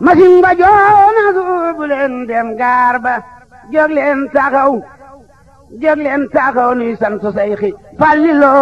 masin ba joona suubu leen dem gaar ba jóg leen taxaw jóg leen taxaw nuy sant sayxi Fallilo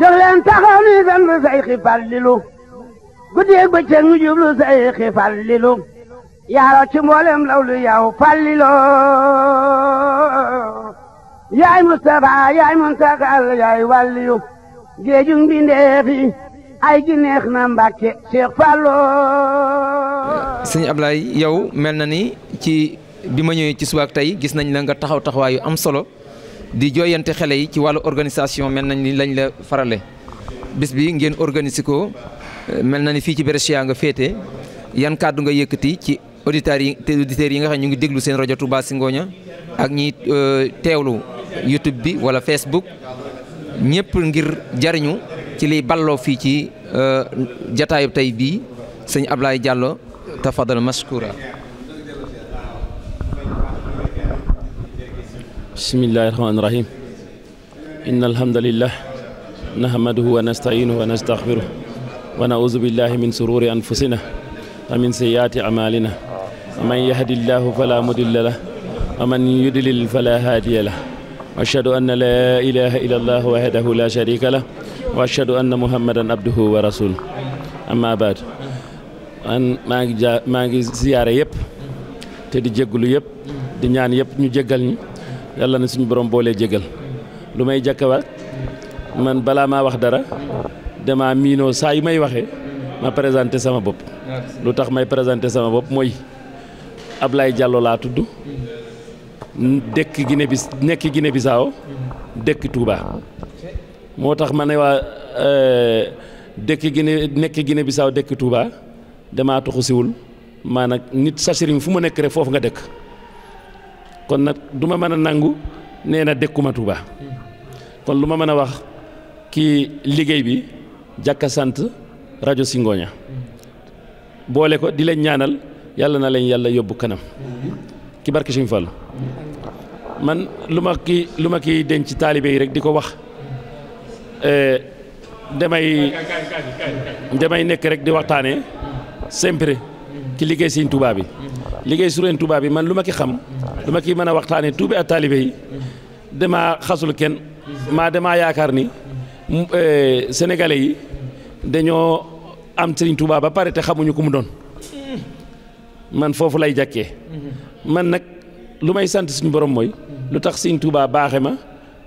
jóg leen taxaw nuy sant sayxi Fallilu guddeeg bëccëg nu jublu sayxi Fallilu yaaro ci mboolem lawlu yow Fallilo yaay Mustafa yaay Muntakal yaay wàlliyu géejug mbindeefi ay gi neex na mbacke cheikh fallo seigne ablay yow mel ni ci bima ma ci suwak tay gis nañ la nga taxaw am solo di joyante xale yi ci walu organisation mel ni lañ la farale bis bi ngeen organiser ko eh, mel ni fi ci Brescia nga fété yan kaddu nga yëkëti ci auditeur yi te auditeur yi nga xam ñu ngi déglu seen radio Touba singoña ak ñi eh, téwlu YouTube bi wala Facebook ñepp ngir jarignu ci li ballo fi ci euh, jotaay tay bi seigne Ablaye Diallo tafadal mashkura بسم الله الرحمن الرحيم ان الحمد لله نحمده ونستعينه ونستغفره ونعوذ بالله من min انفسنا ومن سيئات اعمالنا من يهد الله فلا مضل له ومن يضلل فلا هادي له hadiya ان لا اله الا الله وحده لا شريك له wa ashhadu anna muhammadan abduhu wa rasul amma baad an maa ngi jaa maa ngi ziyaare yëpp te di jégglu yëpp di ñaan yëpp ñu jéggal ñi yàlla na suñu borom boolee jégal lu may jàkkawaat man balaa maa wax dara dama miinoo saa yu may waxee ma présenté sama bopp lu tax may présenté sama bopp mooy ab lay jàlloo laa tudd dëkk Guinée bi nekk Guinée Bissau dëkk Touba moo tax ma ne waa euh, dëkk gine nekk gine Bissau dëkk Touba damaa tuxu siwul maa nag nit sa sëriñ fu ma nekk rek foofu nga dëkk kon nag duma mën a nangu nee na dëkkuma Touba kon lu ma mën a wax kii liggéey bi jàkka sant rajo Singoña boole ko di leen ñaanal yàlla na lañ yàlla yóbbu kanam ki barke Sëñ Fallu man lu ma kii lu ma kiy denc taalibe yi rek di ko wax Euh, damay damay nekk rek di waxtaane sempre ki liggéey sëñ Tuubaa bi liggéey sëñ Tuubaa man lu ma ki xam lu ma ki mën a waxtaanee tuubi ak taalibe yi damaa xasul kenn maa damaa yaakaar ni euh, sénégalais yi dañoo am ba pare te xamuñu ku mu doon man foofu lay jàkkee man nag lu may sant suñu borom mooy lu tax sëñ Tuubaa baaxe ma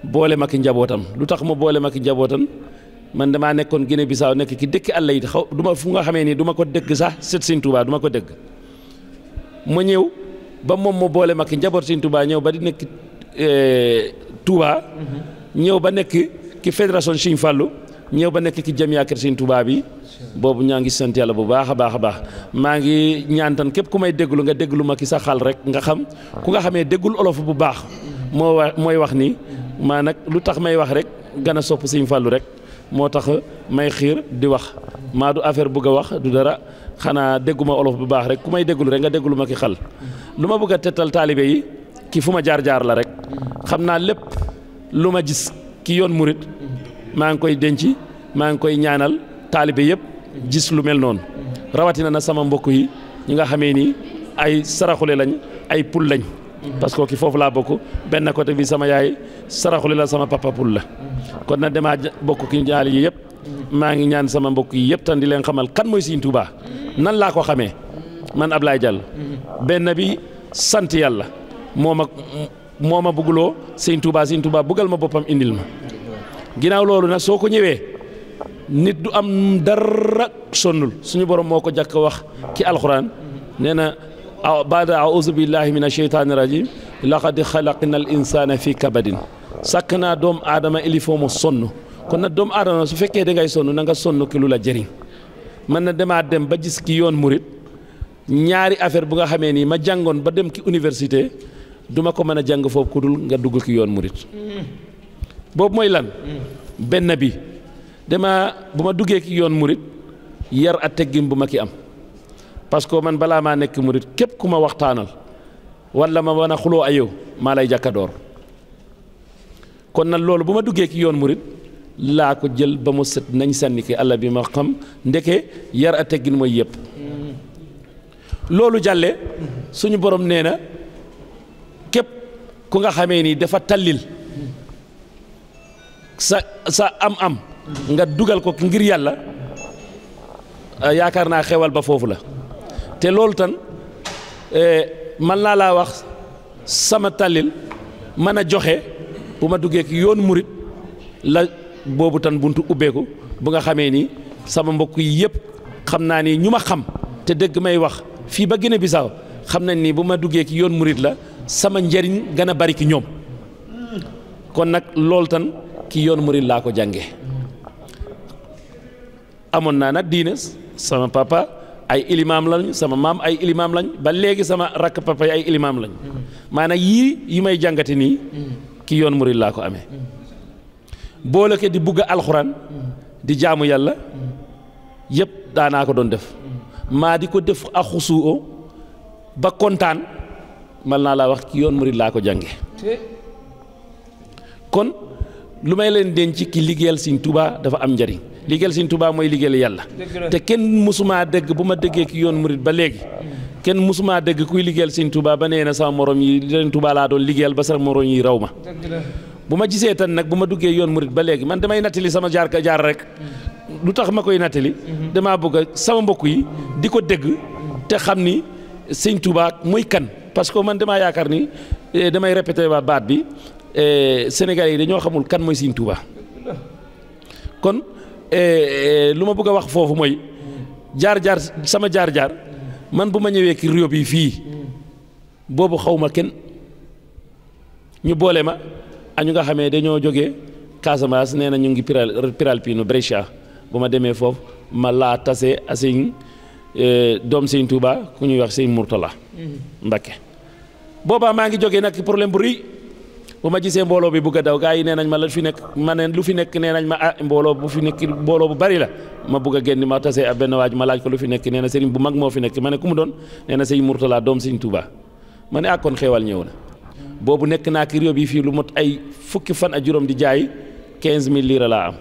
boole ma ki njabootam lu tax ma boole ma ki njabootam man damaa nekkoon Guinée Bissau nekk ki dëkk àll yi xaw du ma fu nga xamee ni du ko dëgg sax sët Sëñ Tuubaa du ma ko dëgg ñëw ba moom mu boole ma ki njaboot Sëñ Tuubaa ñëw ba di nekk eh, Tuubaa mm-hmm. ñëw ba nekk ki fédération Sëñ Fallu ñëw ba nekk ki jamiya kër Sëñ Tuubaa bi boobu ñaa ngi sant yàlla bu baax a baax a baax maa ngi ñaantan képp ku may déglu nga déglu ma ki sa xal rek nga xam ku nga xamee déggul olof bu baax mm-hmm. moo mooy wax ni maa nag lu tax may wax rek gën a sopp siñ fàllu rek moo tax may xiir di wax maa du affaire bëgg wax du dara xanaa dégguma olof bu baax rek ku may déggul rek nga dégglu ma ki xal lu ma bëgg a tettal taalibe yi ki fu ma jaar jaar la rek xam naa lépp lu ma gis ki yoon murit maa ngi koy denc maa ngi koy ñaanal taalibe yëpp gis lu mel noonu rawatina na sama mbokk yi ñi nga xamee ni ay saraxule lañ ay pul lañ parce que kii foofu laa bokk benn côté bi sama yaay saraxuli la sama papa pour la kon na dama bokku ki ñaari yi yëpp ma ngi ñaan sama mbokk yi yëpp tan di len xamal kan moy seigne touba nan la ko xame man Ablaye dial ben bi sant yalla moma moma bugulo seigne touba seigne touba bugal ma bopam indil ma ginaaw lolu nak soko ñewé nit du am dara sonul suñu borom moko jakk wax ki alcorane nee بعد أعوذ بالله من الشيطان الرجيم لقد خلقنا الإنسان في كبد سكنا دوم آدم إليفوم الصنو كنا دوم آدم سفكي دنگا يصنو ننگا صنو كلو لجرين man na demaat dem ba gis ki yoon murit ñaari affaire bu nga xamee nii ma jàngoon ba dem ki université duma ko mën a jàng foofu ku dul nga dugg ki yoon murit boobu mooy lan benn bi dama bu ma duggee ki yoon murit yar a teggin bu ma ki am parce que man balaa maa nekk murit képp ku ma waxtaanal walla ma mën a xuloo ak yow maa lay jàkkadoor kon na loolu bu ma duggee ki yoon murit laa ko jël ba mu sët nañ sànni ki àll bi ma xam ndeke yar a teggin mooy yëpp loolu jàlle suñu borom nee na képp ku nga xamee nii dafa tallil sa sa am-am nga dugal ko ngir yàlla yaakaar naa xewal ba foofu la te loolu tan eh, man naa laa wax sama tàllil mën a joxe bu ma duggee ki yoon murit la boobu tan buntu ubbeeku bu nga xamee ni sama mbokk yi yëpp xam naa ni ñu ma xam te dëgg may wax fii ba gën a Bissau xam nañ ni bu ma duggee ki yoon murit la sama njëriñ gën a bari ki ñoom kon nag loolu tan ki yoon murit laa ko jànge amoon naa nag diine sama papa ay ilimaam lañ sama maam ay ilimaam lañ ba léegi sama rakk papa ay ilimaam lañ maanaam yii yi may jàngate nii ki yoon murid laa ko ame boole ko di bugg alxuraan di jaamu yàlla yëpp daanaa ko doon def maa di ko def ak xusuo ba kontaan mal naa laa wax ki yoon murid laa ko jànge kon lu may leen denc ki liggéeyal Sëñ Tuubaa dafa am njariñ liggéeyal Sëñ Tuubaa mooy liggéeyal yàlla te kenn mësumaa dégg bu ma déggee ki yoon murit ba léegi kenn mësumaa dëgg kuy liggéeyal Sëñ Tuubaa ba nee na sama morom yi Sëñ Tuubaa laa doon liggéeyal ba sama morom yi raw ma bu ma gisee tan nag bu ma duggee yoon murit ba léegi man damay nattali sama jaar ka jaar rek lu tax ma koy nattali mhm. damaa bëgg sama mbokk yi di ko dégg te xam ni Sëñ Tuubaa mooy kan parce que man damaa yaakaar ni eh, damay répété baat bi eh, Sénégalais yi dañoo xamul kan mooy Sëñ Eh, eh, lu ma bugg a wax foofu mooy jaar-jaar sama jaar-jaar man bu ma ñëwee kii Riyo bi fii boobu xaw ma kenn ñu boole ma a ñu nga xamee dañoo jógee Casamance nee na ñu ngi Piral Piral Pino Brescia bu ma demee foofu ma laa tase a sëñ eh, doom sëñ Touba ku ñuy wax sëñ Mourtala Mbakke mhm. boobaa maa ngi jógee nag problème bu rëy bu ma gisee mbooloo bi bugg a daw gaa yi nee nañ ma la fi nekk ma ne lu fi nekk nee nañ ma ah mbooloo bu fi nekk mbooloo bu bari la ma bugg a génn ma tase ab benn waaj ma laaj ko lu fi nekk nee na bu mag moo fi nekk ma ne ku mu doon nee na sëriñ Mourtala doom sëriñ Touba ma ne ak ah, kon xeewal ñëw na boobu nekk naa ki réew bi fii lu mot ay fukki fan ak juróom di jaay 15000 lira laa am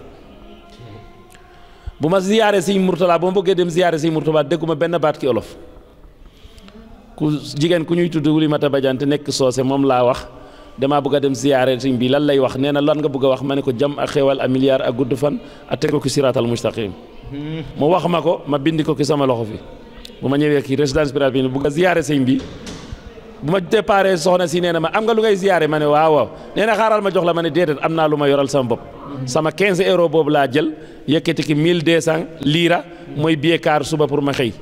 bu ma ziyaare sëriñ Mourtala bu ma bëggee dem ziyaare sëriñ Mourtala dégguma benn baat jigéen ku ñuy tudd Wuli Mata Badiane te nekk soose moom laa wax damaa bëgg a dem ziyaare sëñ bi lan lay wax nee na lan nga bëgg a wax ma ko jam ak xewal a milliard ak gudd fan a teg ko ki siraatal mustaqim hmm. mu wax ma ko ma bindi ko ki sama loxo fi bu ma ñëwee kii résidence pirate bi bëgg a ziyaare sëñ bi bu ma déparé soxna si nee na ma am nga lu ngay ziyaare ma ne waaw waaw nee xaaral ma jox la ma ne déedéet am na lu ma yoral sama bopp hmm. sama 15 euros boobu laa jël yëkkati ki 1200 liira hmm. mooy billet car suba pour ma xëy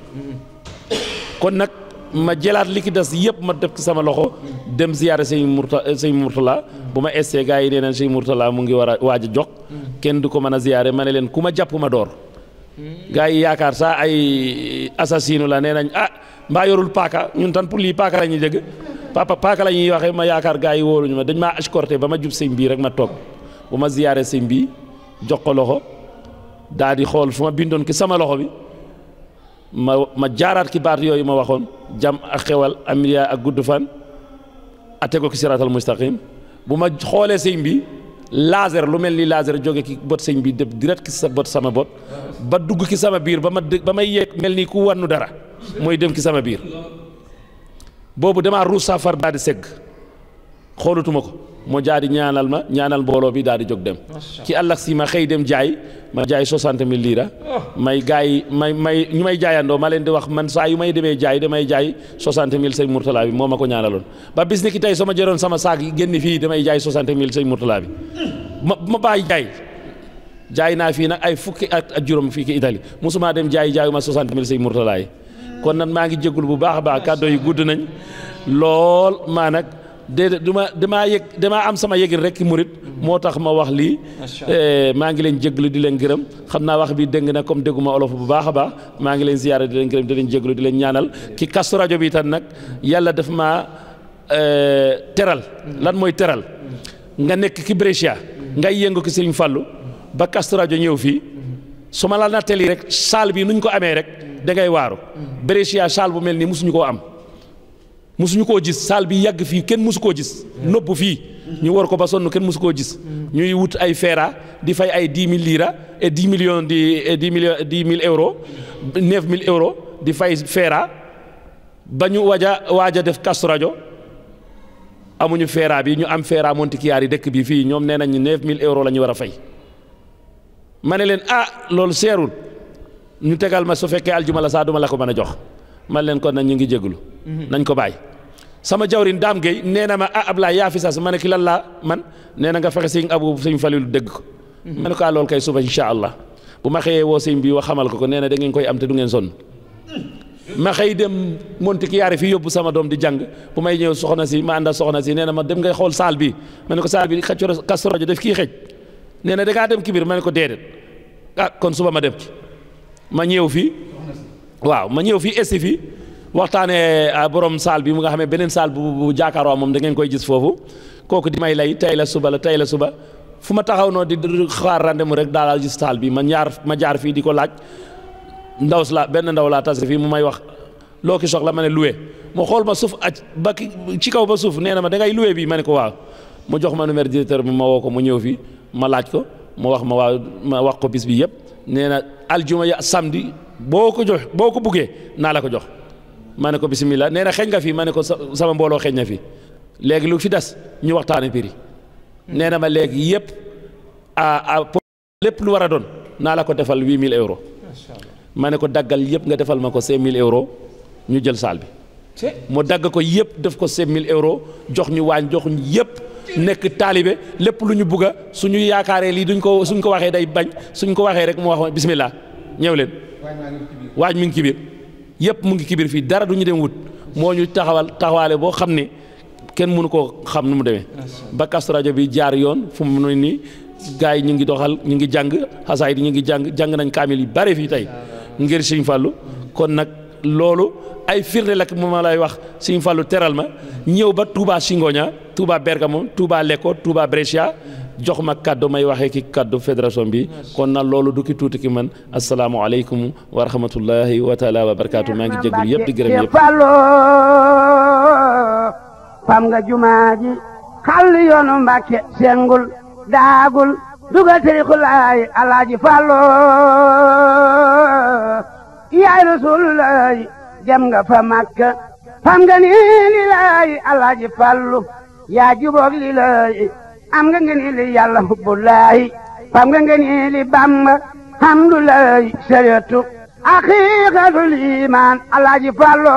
ma jëlaat li ki des yëpp ma def ci sama loxo dem ziyaare sëñ Murta euh, sëñ Murtala bu ma st gars yi nee neen sëñ Murtala mu ngi war a waaj a jox kenn du ko mën a ziyaare ma ne leen ku ma jàpp ma door gars yi yaakaar saa ay assassinu la nee nañ ah mbaa yorul paaka ñun tan pour lii paaka la ñuy dégg papa paaka la ñuy waxee ma yaakaar gaa yi wóoluñu ma dañ maa escorté ba ma jub sëñ bii rek ma toog bu ma ziyaare sëñ bii jox ko loxo daal di xool fu ma bindoon ki sama loxo bi ma ma jaaraat ki baat yooyu ma waxoon jàmm ak xewal amiliya ak gudd fan ate ko ki siraatal mustaqim bu ma xoolee sëñ bi laser lu mel ni laser jóge ki bot sëñ bi def direct ki sa bot sama bot ba dugg ki sama biir ba ma ba may yeeg mel ni ku wannu dara mooy dem ki sama biir boobu damaa ruus saafara daal di segg xoolatuma ko moo jaar ñaanal ma ñaanal mbooloo bi daal di jóg dem ci àllak si ma xëy dem jaay ma jaay soixante mille lira oh. may gaay yi may may ñu may jaayandoo ma leen di wax man saa yu may demee jaay damay jaay soixante mille sëñ Mourtala bi moo ma ko ñaanaloon ba bis ni ki tey sama jëroon sama saak yi génn fii damay jaay soixante mille sëñ Mourtala bi ma ma bàyyi jaay jaay naa fii nag ay fukki at ak juróom fii ki Italie mosuma dem jaay jaayu ma soixante mille sëñ Mourtala yi kon nag maa ngi jégul bu baax a baax kàddo yi gudd nañ lool maa nag déedéet du damaa yëg damaa am sama yëgil rek murit moo tax ma wax lii eh, maa ngi leen jéglu di leen gërëm xam naa wax bii dégg na comme dégguma olof bu baax a baax maa ngi leen ziyaara di leen gërëm di leen jéglu di leen ñaanal ki kastu rajo bi itam nag yàlla dafa ma eh, teral lan mooy teral nga nekk ki Brescia ngay yëngu ki Sëriñ fàllu ba kastu rajo ñëw fii su ma la nattali rek saal bi nuñ ko amee rek dangay ngay waaru Brescia saal bu mel nii mosuñu koo am musuñu koo gis saal bi yàgg fii kenn musu koo gis nopp fii ñu war ko ba sonn kenn musu koo gis ñuy wut ay feera di fay ay dix mille lira et dix millions di dix mille euros neuf mille euros di fay feera ba ñu waja waaj a def Kazu Rajab amuñu feera bi ñu am feera Montichiari dëkk bi fii ñoom nee nañu neuf mille euros la ñu war a fay ma ne leen ah loolu seerul ñu tegal ma su fekkee aljuma la saa duma la ko mën a jox man leen kon nag ñu ngi jégalu. Mhm. nañ ko bay sama jawrin daam gay nee na ma a ah, Ablaye yaa fi sas ma ne ki lan laa man nee nga fexe sëñ Abu sëñ Falilu dégg ko. Mhm. ma ne ko ah, loolu kay suba incha allah bu ma xëyee woo sëñ bi wax xamal ko ko nee na da ngeen koy am te du ngeen sonn. ma xëy dem monti ki yaari fi yóbbu sama doom di jàng bu may ñëw soxna si ma ànda soxna si nee na ma dem ngay xool saal bi ma ne ko saal bi xëccoro kastorojo def kii xëj nee na dangaa dem kibir ma ko déedéet ah kon suba ma dem ci fii waaw ma ñëw fii esti fi waxtaanee ah, borom saal bi mu nga xam ne beneen saal bu bu jàkkaaroo moom da koy gis foofu kooku di may lay tey la suba la tey la suba fu ma taxaw noo di xaar rendez-vous rek daal gis saal bi ma ñaar ma jaar fii di ko laaj ndaw si benn ndaw laa tase fii mu may wax loo ki soxla ma ne loué ma xool ma suuf aj ah, ba ci kaw ba suuf nee na ma da ngay loué bi ma ne ko waaw mu jox ma numéro directeur bi ma woo ko mu ñëw ma laaj ko mu wax ma waaw ma wax ko bi yëpp nee na aljuma ya samedi. boo ko jox boo ko buggee naa la ko jox ma ne ko bisimilah nee na xeeñ nga fii ma ne ko sama mbooloo xeeñ na fi léegi lu fi des ñu waxtaane prix nee na ma léegi yëpp a a lépp lu war a doon naa la ko defal huit mille euros ma ne ko daggal yëpp nga defal ma ko cinq mille euros ñu jël saal bi mu dagg ko yëpp def ko cinq mille euros jox ñu waañ jox ñu yëpp nekk taalibe lépp lu ñu bugga suñu yaakaaree lii duñ ko suñ ko waxee day bañ suñ ko waxee rek mu wax bisimilah. ñëw leen waaj mu ngi ci biir yëpp mu ngi ci biir fii dara du ñu dem wut moo ñu taxawal taxawaale boo xam ne kenn mënu koo xam nu mu demee ba Kazu bi jaar yoon fu mu ne nii gars yi ñu ngi doxal ñu ngi jàng xasaayid ñu ngi jàng jàng nañ kaamil yu bare fii tey ngir Sëñ Fallu kon nag loolu ay firnde la moom lay wax Sëñ Fallu teral ma mm-hmm. ñëw ba Touba Singoña Touba Bergamo Touba Lecco Touba Brescia jox ma kàddu may waxee ki kàddu fédération bi kon na loolu du ki tuuti ki man asalaamualeykum wa rahmatullahi wa taala wa barakaatu maa ngi jégalu yëpp di gërëm fam nga jumaa ji yoonu mbàkke sengul daagul dugal tariqul ay alaaji fàllo yaay rasulullahi jam nga fa makka fam nga ni lilaay alaaji yaa juboog lilaay am nga ngëneeli yàlla hubbulaahi fam nga ngëneeli bamba hamdulaahi sariyatu aqiiqatul iimaan alaaji Fallu